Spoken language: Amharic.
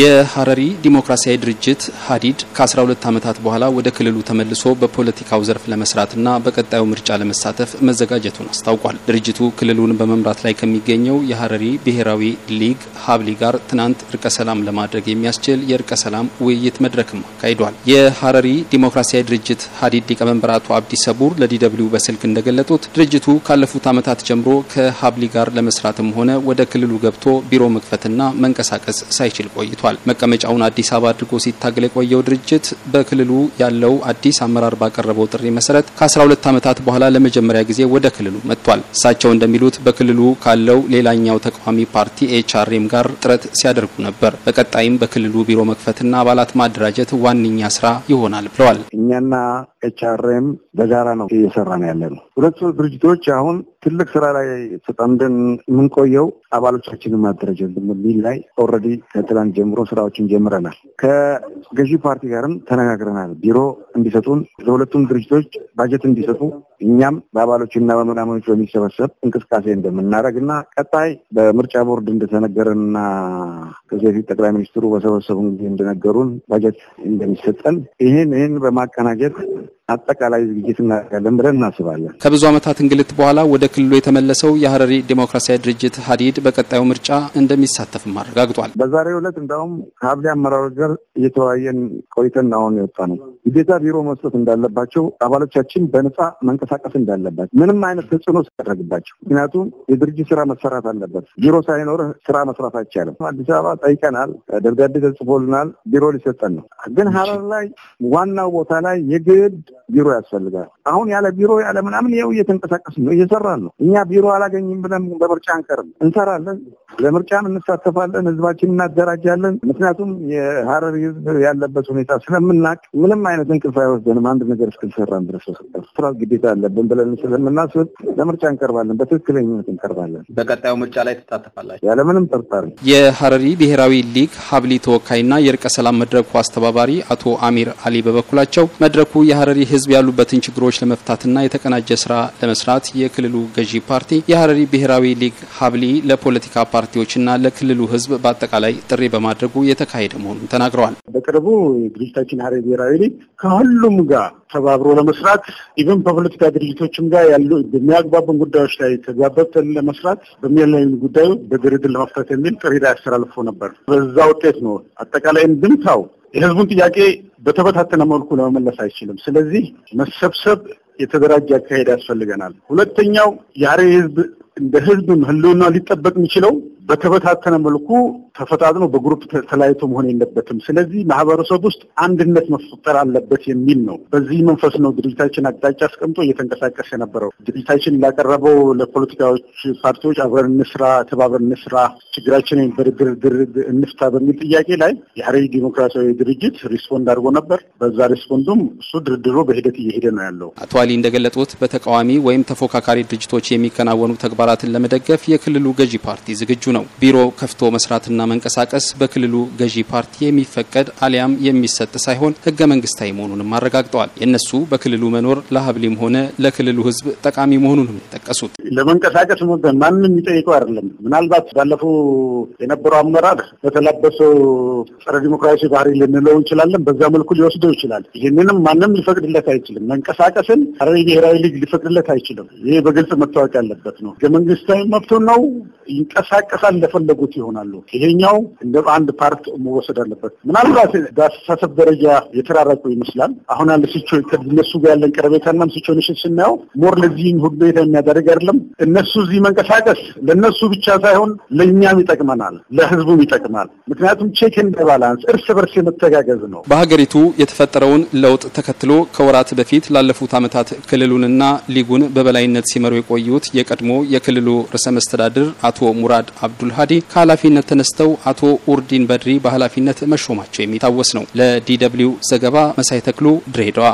የሀረሪ ዲሞክራሲያዊ ድርጅት ሀዲድ ከ12 ዓመታት በኋላ ወደ ክልሉ ተመልሶ በፖለቲካው ዘርፍ ለመስራትና በቀጣዩ ምርጫ ለመሳተፍ መዘጋጀቱን አስታውቋል። ድርጅቱ ክልሉን በመምራት ላይ ከሚገኘው የሀረሪ ብሔራዊ ሊግ ሀብሊ ጋር ትናንት እርቀ ሰላም ለማድረግ የሚያስችል የእርቀ ሰላም ውይይት መድረክም አካሂዷል። የሀረሪ ዲሞክራሲያዊ ድርጅት ሀዲድ ሊቀመንበር አቶ አብዲ ሰቡር ለዲደብሊው በስልክ እንደገለጡት ድርጅቱ ካለፉት ዓመታት ጀምሮ ከሀብሊ ጋር ለመስራትም ሆነ ወደ ክልሉ ገብቶ ቢሮ መክፈትና መንቀሳቀስ ሳይችል ቆይቷል። አስመልክቷል። መቀመጫውን አዲስ አበባ አድርጎ ሲታገል የቆየው ድርጅት በክልሉ ያለው አዲስ አመራር ባቀረበው ጥሪ መሰረት ከ12 ዓመታት በኋላ ለመጀመሪያ ጊዜ ወደ ክልሉ መጥቷል። እሳቸው እንደሚሉት በክልሉ ካለው ሌላኛው ተቃዋሚ ፓርቲ ኤችአርኤም ጋር ጥረት ሲያደርጉ ነበር። በቀጣይም በክልሉ ቢሮ መክፈትና አባላት ማደራጀት ዋነኛ ስራ ይሆናል ብለዋል። እኛና ኤችአርኤም በጋራ ነው እየሰራ ነው ያለ ነው። ሁለቱ ድርጅቶች አሁን ትልቅ ስራ ላይ ተጠምደን የምንቆየው አባሎቻችንን ማደራጀት የሚል ላይ ኦልሬዲ ከትላንት ጀምሮ ጀምሮ ስራዎችን ጀምረናል። ከገዢ ፓርቲ ጋርም ተነጋግረናል። ቢሮ እንዲሰጡን፣ ለሁለቱም ድርጅቶች ባጀት እንዲሰጡ እኛም በአባሎችና በመናመኖች በሚሰበሰብ እንቅስቃሴ እንደምናደርግ እና ቀጣይ በምርጫ ቦርድ እንደተነገረንና ከዚህ በፊት ጠቅላይ ሚኒስትሩ በሰበሰቡን ጊዜ እንደነገሩን በጀት እንደሚሰጠን ይህን ይህን በማቀናጀት አጠቃላይ ዝግጅት እናደርጋለን ብለን እናስባለን። ከብዙ ዓመታት እንግልት በኋላ ወደ ክልሉ የተመለሰው የሀረሪ ዴሞክራሲያዊ ድርጅት ሀዲድ በቀጣዩ ምርጫ እንደሚሳተፍም አረጋግጧል። በዛሬው ዕለት እንዳውም ከሀብሌ አመራሮች ጋር እየተወያየን ቆይተን አሁን የወጣ ነው። ግዴታ ቢሮ መስጠት እንዳለባቸው አባሎቻችን በነጻ መንቀሳ መንቀሳቀስ እንዳለባቸው ምንም አይነት ተጽዕኖ ሲያደረግባቸው፣ ምክንያቱም የድርጅት ስራ መሰራት አለበት። ቢሮ ሳይኖር ስራ መስራት አይቻልም። አዲስ አበባ ጠይቀናል፣ ደብዳቤ ተጽፎልናል፣ ቢሮ ሊሰጠን ነው። ግን ሀረር ላይ ዋናው ቦታ ላይ የግድ ቢሮ ያስፈልጋል። አሁን ያለ ቢሮ ያለ ምናምን ይኸው እየተንቀሳቀስ ነው እየሰራን ነው። እኛ ቢሮ አላገኝም ብለን በምርጫ አንቀርም፣ እንሰራለን። ለምርጫም እንሳተፋለን፣ ህዝባችን እናደራጃለን። ምክንያቱም የሀረሪ ህዝብ ያለበት ሁኔታ ስለምናቅ ምንም አይነት እንቅልፍ አይወስደንም። አንድ ነገር እስክንሰራን ድረስ ስራት ግዴታ አለብን ብለን ስለምናስብ ለምርጫ እንቀርባለን፣ በትክክለኝነት እንቀርባለን። በቀጣዩ ምርጫ ላይ ትሳተፋላችሁ ያለምንም ጥርጣሬ። የሀረሪ ብሔራዊ ሊግ ሀብሊ ተወካይና የእርቀ ሰላም መድረኩ አስተባባሪ አቶ አሚር አሊ በበኩላቸው መድረኩ የሀረሪ ህዝብ ያሉበትን ችግሮች ለመፍታትና የተቀናጀ ስራ ለመስራት የክልሉ ገዢ ፓርቲ የሀረሪ ብሔራዊ ሊግ ሀብሊ ለፖለቲካ ፓርቲ ፓርቲዎችና ለክልሉ ህዝብ በአጠቃላይ ጥሪ በማድረጉ የተካሄደ መሆኑን ተናግረዋል። በቅርቡ ድርጅታችን ሀረሪ ብሔራዊ ሊግ ከሁሉም ጋር ተባብሮ ለመስራት ኢቨን በፖለቲካ ድርጅቶችም ጋር ያሉ በሚያግባቡን ጉዳዮች ላይ ተግባብተን ለመስራት በሚያለይን ጉዳዩ በድርድር ለመፍታት የሚል ጥሪ ላይ አስተላልፎ ነበር። በዛ ውጤት ነው አጠቃላይ እንድምታው የህዝቡን ጥያቄ በተበታተነ መልኩ ለመመለስ አይችልም። ስለዚህ መሰብሰብ የተደራጀ አካሄድ ያስፈልገናል። ሁለተኛው የሀረሪ ህዝብ እንደ ህዝብም ህልውና ሊጠበቅ የሚችለው በተበታተነ መልኩ ተፈጣጥኖ በግሩፕ ተለያይቶ መሆን የለበትም። ስለዚህ ማህበረሰብ ውስጥ አንድነት መፈጠር አለበት የሚል ነው። በዚህ መንፈስ ነው ድርጅታችን አቅጣጫ አስቀምጦ እየተንቀሳቀስ የነበረው። ድርጅታችን ላቀረበው ለፖለቲካዎች ፓርቲዎች አብረን እንስራ፣ ተባብረን እንስራ፣ ችግራችንን በድርድር እንፍታ በሚል ጥያቄ ላይ የሀረሪ ዲሞክራሲያዊ ድርጅት ሪስፖንድ አድርጎ ነበር። በዛ ሪስፖንዱም እሱ ድርድሩ በሂደት እየሄደ ነው ያለው። አቶ አሊ እንደገለጡት በተቃዋሚ ወይም ተፎካካሪ ድርጅቶች የሚከናወኑ ተግባ ተግባራትን ለመደገፍ የክልሉ ገዢ ፓርቲ ዝግጁ ነው። ቢሮ ከፍቶ መስራትና መንቀሳቀስ በክልሉ ገዢ ፓርቲ የሚፈቀድ አሊያም የሚሰጥ ሳይሆን ህገ መንግስታዊ መሆኑንም አረጋግጠዋል። የእነሱ በክልሉ መኖር ለሀብሊም ሆነ ለክልሉ ህዝብ ጠቃሚ መሆኑንም የጠቀሱት ለመንቀሳቀስ ማንም የሚጠይቀው አይደለም። ምናልባት ባለፈው የነበረው አመራር በተላበሰው ጸረ ዲሞክራሲ ባህሪ ልንለው እንችላለን። በዛ መልኩ ሊወስደው ይችላል። ይህንንም ማንም ሊፈቅድለት አይችልም። መንቀሳቀስን ሀረሪ ብሔራዊ ሊግ ሊፈቅድለት አይችልም። ይህ በግልጽ መታወቅ ያለበት ነው። ህገ መንግስታዊ መብት ነው። ይንቀሳቀሳል፣ እንደፈለጉት ይሆናሉ። ይሄኛው እንደ አንድ ፓርት መወሰድ አለበት። ምናልባት በአስተሳሰብ ደረጃ የተራረቁ ይመስላል። አሁን አንድ ሲቾ እነሱ ጋር ያለን ቀረቤታና ሲቾኔሽን ስናየው ሞር ለዚህ ሁኔታ የሚያደርግ አይደለም። እነሱ እዚህ መንቀሳቀስ ለእነሱ ብቻ ሳይሆን ለእኛም ይጠቅመናል፣ ለህዝቡም ይጠቅማል። ምክንያቱም ቼክ እንደ ባላንስ እርስ በርስ የመተጋገዝ ነው። በሀገሪቱ የተፈጠረውን ለውጥ ተከትሎ ከወራት በፊት ላለፉት ዓመታት ክልሉንና ሊጉን በበላይነት ሲመሩ የቆዩት የቀድሞ የክልሉ ርዕሰ መስተዳድር አቶ ሙራድ አብዱል ሀዲ ከኃላፊነት ተነስተው አቶ ኡርዲን በድሪ በኃላፊነት መሾማቸው የሚታወስ ነው። ለዲ ደብልዩ ዘገባ መሳይ ተክሉ ድሬዳዋ